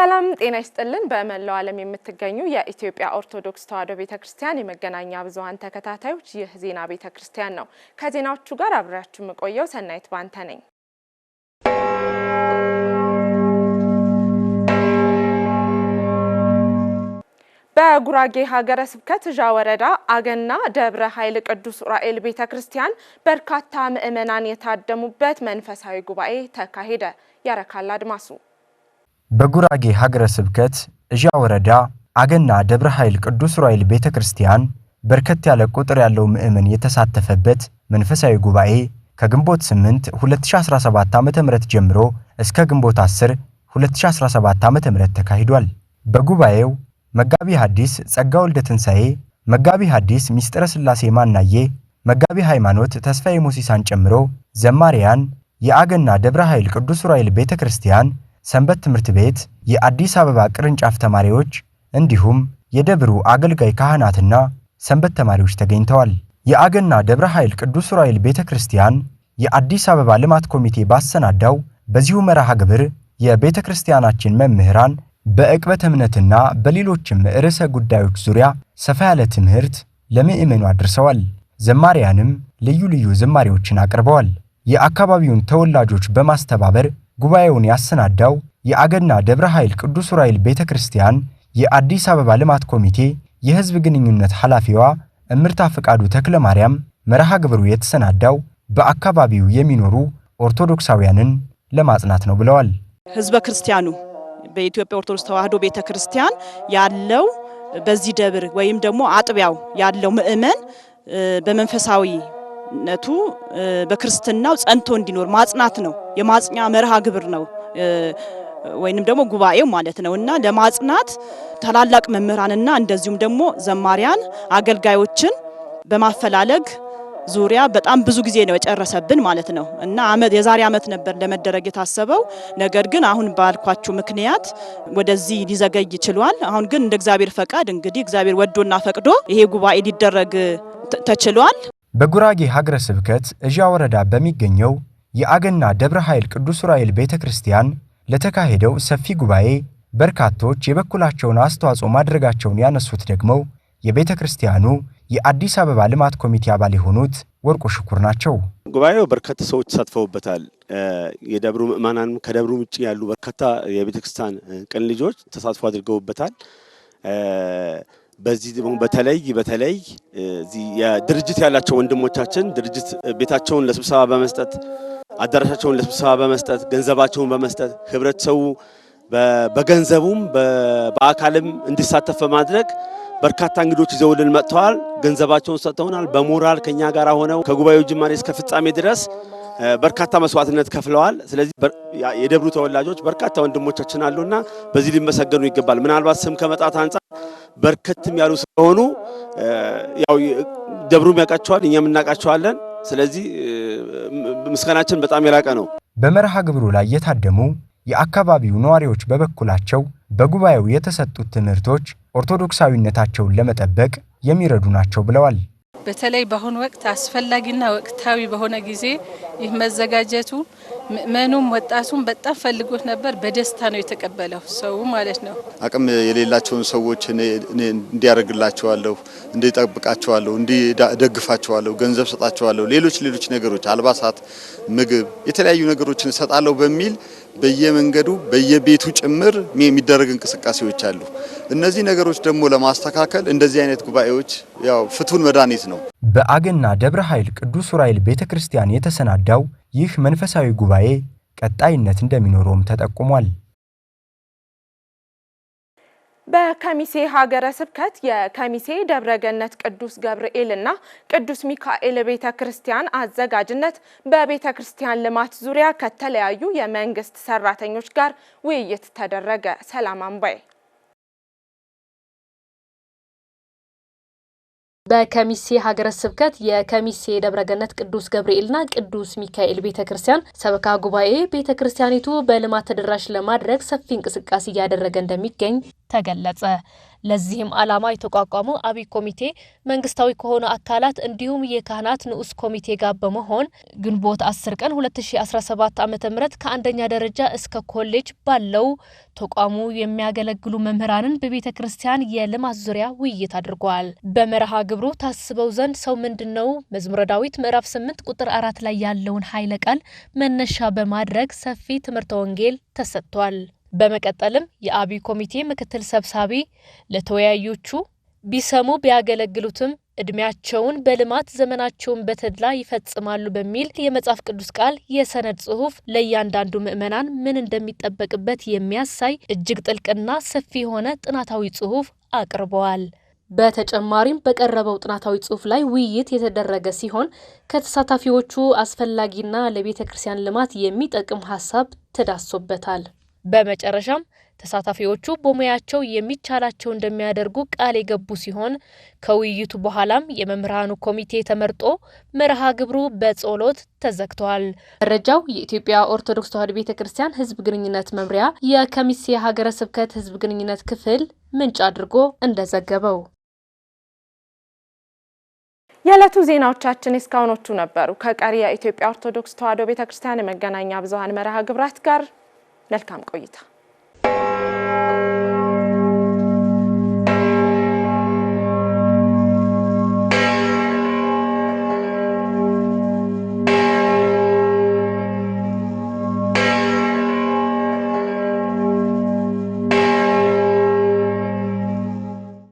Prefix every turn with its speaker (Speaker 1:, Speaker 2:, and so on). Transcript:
Speaker 1: ሰላም ጤና ይስጥልን። በመላው ዓለም የምትገኙ የኢትዮጵያ ኦርቶዶክስ ተዋሕዶ ቤተ ክርስቲያን የመገናኛ ብዙኃን ተከታታዮች ይህ ዜና ቤተ ክርስቲያን ነው። ከዜናዎቹ ጋር አብሬያችሁ የምቆየው ሰናይት ባንተ ነኝ። በጉራጌ ሀገረ ስብከት እዣ ወረዳ አገና ደብረ ኃይል ቅዱስ ዑራኤል ቤተ ክርስቲያን በርካታ ምዕመናን የታደሙበት መንፈሳዊ ጉባኤ ተካሄደ። ያረካል አድማሱ
Speaker 2: በጉራጌ ሀገረ ስብከት እዣ ወረዳ አገና ደብረ ኃይል ቅዱስ ዑራኤል ቤተ ክርስቲያን በርከት ያለ ቁጥር ያለው ምዕመን የተሳተፈበት መንፈሳዊ ጉባኤ ከግንቦት 8 2017 ዓ.ም ጀምሮ እስከ ግንቦት 10 2017 ዓ.ም ተካሂዷል። በጉባኤው መጋቢ ሐዲስ ጸጋ ወልደ ትንሣኤ፣ መጋቢ ሐዲስ ሚስጥረ ሥላሴ ማናዬ፣ መጋቢ ሃይማኖት ተስፋዬ ሙሲሳን ጨምሮ ዘማሪያን የአገና ደብረ ኃይል ቅዱስ ዑራኤል ቤተ ክርስቲያን ሰንበት ትምህርት ቤት የአዲስ አበባ ቅርንጫፍ ተማሪዎች እንዲሁም የደብሩ አገልጋይ ካህናትና ሰንበት ተማሪዎች ተገኝተዋል። የአገና ደብረ ኃይል ቅዱስ ዑራኤል ቤተ ክርስቲያን የአዲስ አበባ ልማት ኮሚቴ ባሰናዳው በዚሁ መርሃ ግብር የቤተ ክርስቲያናችን መምህራን በዕቅበተ እምነትና በሌሎችም ርዕሰ ጉዳዮች ዙሪያ ሰፋ ያለ ትምህርት ለምእመኑ አድርሰዋል። ዘማሪያንም ልዩ ልዩ ዝማሬዎችን አቅርበዋል። የአካባቢውን ተወላጆች በማስተባበር ጉባኤውን ያሰናዳው የአገና ደብረ ኃይል ቅዱስ ዑራኤል ቤተ ክርስቲያን የአዲስ አበባ ልማት ኮሚቴ የሕዝብ ግንኙነት ኃላፊዋ እምርታ ፈቃዱ ተክለ ማርያም መርሃ ግብሩ የተሰናዳው በአካባቢው የሚኖሩ ኦርቶዶክሳውያንን ለማጽናት ነው ብለዋል።
Speaker 3: ሕዝበ ክርስቲያኑ በኢትዮጵያ ኦርቶዶክስ ተዋሕዶ ቤተ ክርስቲያን ያለው በዚህ ደብር ወይም ደግሞ አጥቢያው ያለው ምእመን በመንፈሳዊ ነቱ በክርስትናው ጸንቶ እንዲኖር ማጽናት ነው። የማጽኛ መርሃ ግብር ነው ወይንም ደግሞ ጉባኤው ማለት ነው እና ለማጽናት ታላላቅ መምህራንና እንደዚሁም ደግሞ ዘማሪያን አገልጋዮችን በማፈላለግ ዙሪያ በጣም ብዙ ጊዜ ነው የጨረሰብን ማለት ነው እና የዛሬ ዓመት ነበር ለመደረግ የታሰበው። ነገር ግን አሁን ባልኳችሁ ምክንያት ወደዚህ ሊዘገይ ይችሏል። አሁን ግን እንደ እግዚአብሔር ፈቃድ እንግዲህ እግዚአብሔር ወዶና ፈቅዶ ይሄ ጉባኤ ሊደረግ ተችሏል።
Speaker 2: በጉራጌ ሀገረ ስብከት እዣ ወረዳ በሚገኘው የአገና ደብረ ኃይል ቅዱስ ዑራኤል ቤተ ክርስቲያን ለተካሄደው ሰፊ ጉባኤ በርካቶች የበኩላቸውን አስተዋጽኦ ማድረጋቸውን ያነሱት ደግሞ የቤተ ክርስቲያኑ የአዲስ አበባ ልማት ኮሚቴ አባል የሆኑት ወርቁ ሽኩር ናቸው።
Speaker 4: ጉባኤው በርካታ ሰዎች ተሳትፈውበታል። የደብሩ ምእመናንም ከደብሩ ውጭ ያሉ በርካታ የቤተክርስቲያን ቅን ልጆች ተሳትፎ አድርገውበታል። በዚህ ደግሞ በተለይ በተለይ እዚህ የድርጅት ያላቸው ወንድሞቻችን ድርጅት ቤታቸውን ለስብሰባ በመስጠት አዳራሻቸውን ለስብሰባ በመስጠት ገንዘባቸውን በመስጠት ህብረተሰቡ በገንዘቡም በአካልም እንዲሳተፍ በማድረግ በርካታ እንግዶች ይዘውልን መጥተዋል። ገንዘባቸውን ሰጥተውናል። በሞራል ከኛ ጋር ሆነው ከጉባኤው ጅማሬ እስከ ፍጻሜ ድረስ በርካታ መስዋዕትነት ከፍለዋል። ስለዚህ የደብሩ ተወላጆች በርካታ ወንድሞቻችን አሉና በዚህ ሊመሰገኑ ይገባል። ምናልባት ስም ከመጣት አንጻር በርከትም ያሉ ስለሆኑ ያው ደብሩም ያውቃቸዋል፣ እኛም እናውቃቸዋለን። ስለዚህ ምስጋናችን በጣም የላቀ ነው።
Speaker 2: በመርሃ ግብሩ ላይ የታደሙ የአካባቢው ነዋሪዎች በበኩላቸው በጉባኤው የተሰጡት ትምህርቶች ኦርቶዶክሳዊነታቸውን ለመጠበቅ የሚረዱ ናቸው ብለዋል።
Speaker 5: በተለይ በአሁኑ ወቅት አስፈላጊና ወቅታዊ በሆነ ጊዜ ይህ መዘጋጀቱ ምእመኑም ወጣቱም በጣም ፈልጎት ነበር። በደስታ ነው የተቀበለው ሰው ማለት ነው።
Speaker 4: አቅም የሌላቸውን ሰዎች እንዲያደርግላቸዋለሁ፣ እንዲጠብቃቸዋለሁ፣ እንዲደግፋቸዋለሁ፣ ገንዘብ ሰጣቸዋለሁ፣ ሌሎች ሌሎች ነገሮች አልባሳት፣ ምግብ፣ የተለያዩ ነገሮችን እሰጣለሁ በሚል በየመንገዱ በየቤቱ ጭምር የሚደረግ እንቅስቃሴዎች አሉ። እነዚህ ነገሮች ደግሞ ለማስተካከል እንደዚህ አይነት ጉባኤዎች ያው ፍቱን መድኃኒት ነው።
Speaker 2: በአገና ደብረ ኃይል ቅዱስ ዑራኤል ቤተ ክርስቲያን የተሰናዳው ይህ መንፈሳዊ ጉባኤ ቀጣይነት እንደሚኖረውም ተጠቁሟል።
Speaker 1: በከሚሴ ሀገረ ስብከት የከሚሴ ደብረገነት ቅዱስ ገብርኤል ቅዱስ ሚካኤል ቤተ ክርስቲያን አዘጋጅነት በቤተ ክርስቲያን ልማት ዙሪያ ከተለያዩ የመንግስት ሰራተኞች ጋር ውይይት ተደረገ። ሰላም አምባዬ
Speaker 6: በከሚሴ ሀገረ ስብከት የከሚሴ ደብረገነት ቅዱስ ገብርኤልና ቅዱስ ሚካኤል ቤተ ክርስቲያን ሰበካ ጉባኤ ቤተ ክርስቲያኒቱ በልማት ተደራሽ ለማድረግ ሰፊ እንቅስቃሴ እያደረገ እንደሚገኝ
Speaker 7: ተገለጸ። ለዚህም ዓላማ የተቋቋመው አብይ ኮሚቴ መንግስታዊ ከሆኑ አካላት እንዲሁም የካህናት ንዑስ ኮሚቴ ጋር በመሆን ግንቦት 10 ቀን 2017 ዓ ም ከአንደኛ ደረጃ እስከ ኮሌጅ ባለው ተቋሙ የሚያገለግሉ መምህራንን በቤተ ክርስቲያን የልማት ዙሪያ ውይይት አድርጓል። በመርሃ ግብሩ ታስበው ዘንድ ሰው ምንድን ነው መዝሙረ ዳዊት ምዕራፍ 8 ቁጥር አራት ላይ ያለውን ኃይለ ቃል መነሻ በማድረግ ሰፊ ትምህርተ ወንጌል ተሰጥቷል። በመቀጠልም የአብይ ኮሚቴ ምክትል ሰብሳቢ ለተወያዮቹ ቢሰሙ ቢያገለግሉትም እድሜያቸውን በልማት ዘመናቸውን በተድላ ይፈጽማሉ በሚል የመጽሐፍ ቅዱስ ቃል የሰነድ ጽሑፍ ለእያንዳንዱ ምዕመናን ምን እንደሚጠበቅበት የሚያሳይ እጅግ ጥልቅና ሰፊ የሆነ ጥናታዊ ጽሑፍ አቅርበዋል። በተጨማሪም በቀረበው ጥናታዊ ጽሑፍ ላይ ውይይት የተደረገ ሲሆን ከተሳታፊዎቹ አስፈላጊና ለቤተ ክርስቲያን ልማት የሚጠቅም ሀሳብ ተዳሶበታል። በመጨረሻም ተሳታፊዎቹ በሙያቸው የሚቻላቸው እንደሚያደርጉ ቃል የገቡ ሲሆን ከውይይቱ በኋላም የመምህራኑ ኮሚቴ ተመርጦ መርሃ ግብሩ በጸሎት ተዘግተዋል። መረጃው የኢትዮጵያ ኦርቶዶክስ ተዋሕዶ ቤተ ክርስቲያን ሕዝብ ግንኙነት መምሪያ የከሚሴ ሀገረ ስብከት ሕዝብ ግንኙነት ክፍል ምንጭ አድርጎ እንደዘገበው።
Speaker 1: የዕለቱ ዜናዎቻችን እስካሁኖቹ ነበሩ። ከቀሪ የኢትዮጵያ ኦርቶዶክስ ተዋሕዶ ቤተ ክርስቲያን የመገናኛ ብዙኃን መርሃ ግብራት ጋር መልካም ቆይታ